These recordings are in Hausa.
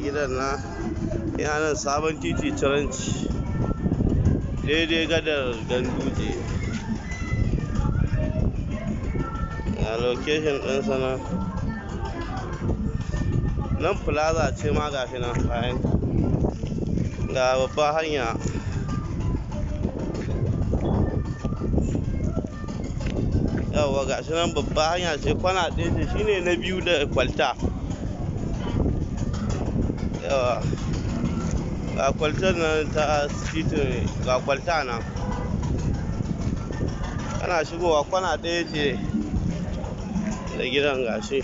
gidan na ina nan sabon titi ciranci daidai gadar ganduje a location ɗin sana nan plaza ce ma ga shi nan bayan ga babban hanya yawwa gashi nan babba hanya ce kwana ɗaya ce shine na biyu da kwalta yawa ga kwaltar nan ta titin ga kwalta nan kana shigowa kwana ɗaya ce da gidan gashi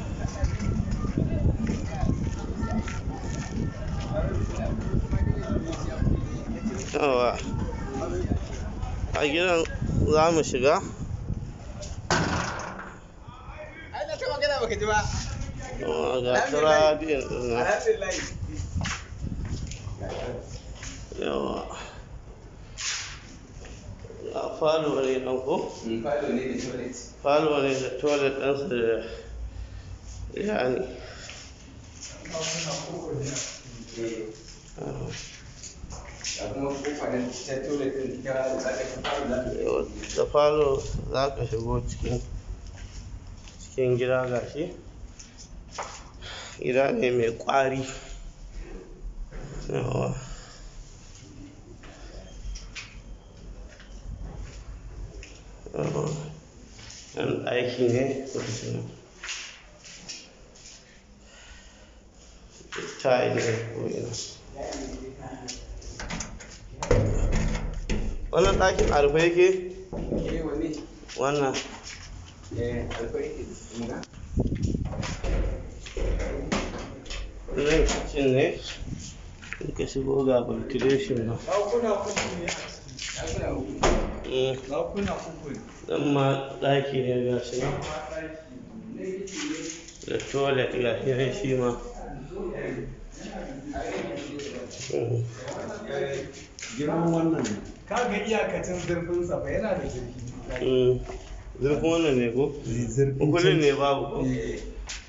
yawa a gidan za mu shiga ai na ta magana ji ba Oh, that's right. Happy life. Yawa. A falo ne ɗan ko? Falo ne da toilet. Falo ne da toilet ɗansa da yani. Da falo za ka shigo cikin gida gashi. gida ne mai ƙwari ɗan aiki ne ta ne wannan ɗakin arfa yake? Eh, wannan eh, nan kicin ne ka shigo ga ventilation ma ɗaki ne ga shi da toilet ga shi nan shi ma girman wannan iyakacin zurfin sa yana da mm. zurfin wannan ne ko zurfin ne babu eh.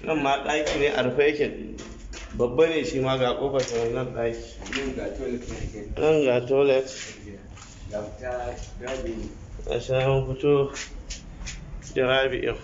nan ma ɗaki ne a rufe yake babba ne shi ma ga kofar ta wannan ɗaki nan ga toilet a sha fito da rabi'in